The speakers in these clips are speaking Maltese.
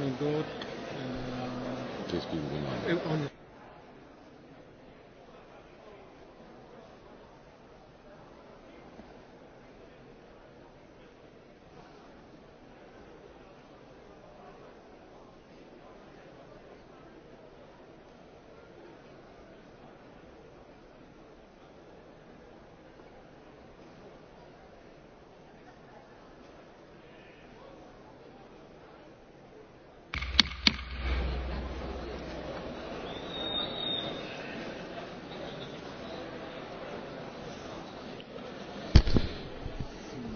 We'll go. Uh, uh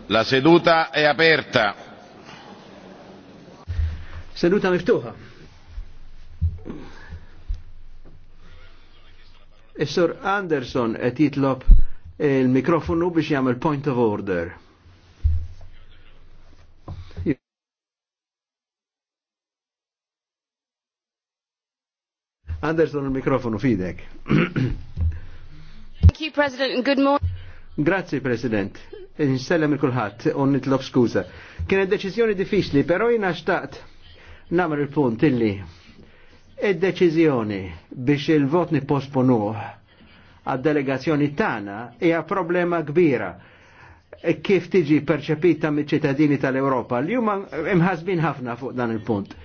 La seduta è aperta. Seduta miftuħa. E is Anderson qed jitlob il-mikrofonu biex jagħmel point of order. Anderson il-mikrofonu fidek. Thank you, President, and good morning. Grazie, President nsellem il-kulħadd u nitlob skuża. Kienet deċiżjoni diffiċli, però jiena xtaqt Namr il-punt illi id-deċiżjoni biex il-vot posponu għad-delegazzjoni tagħna hija problema kbira kif tiġi perċepita mill-ċittadini tal europa L-jumma imħazbin ħafna fuq dan il-punt.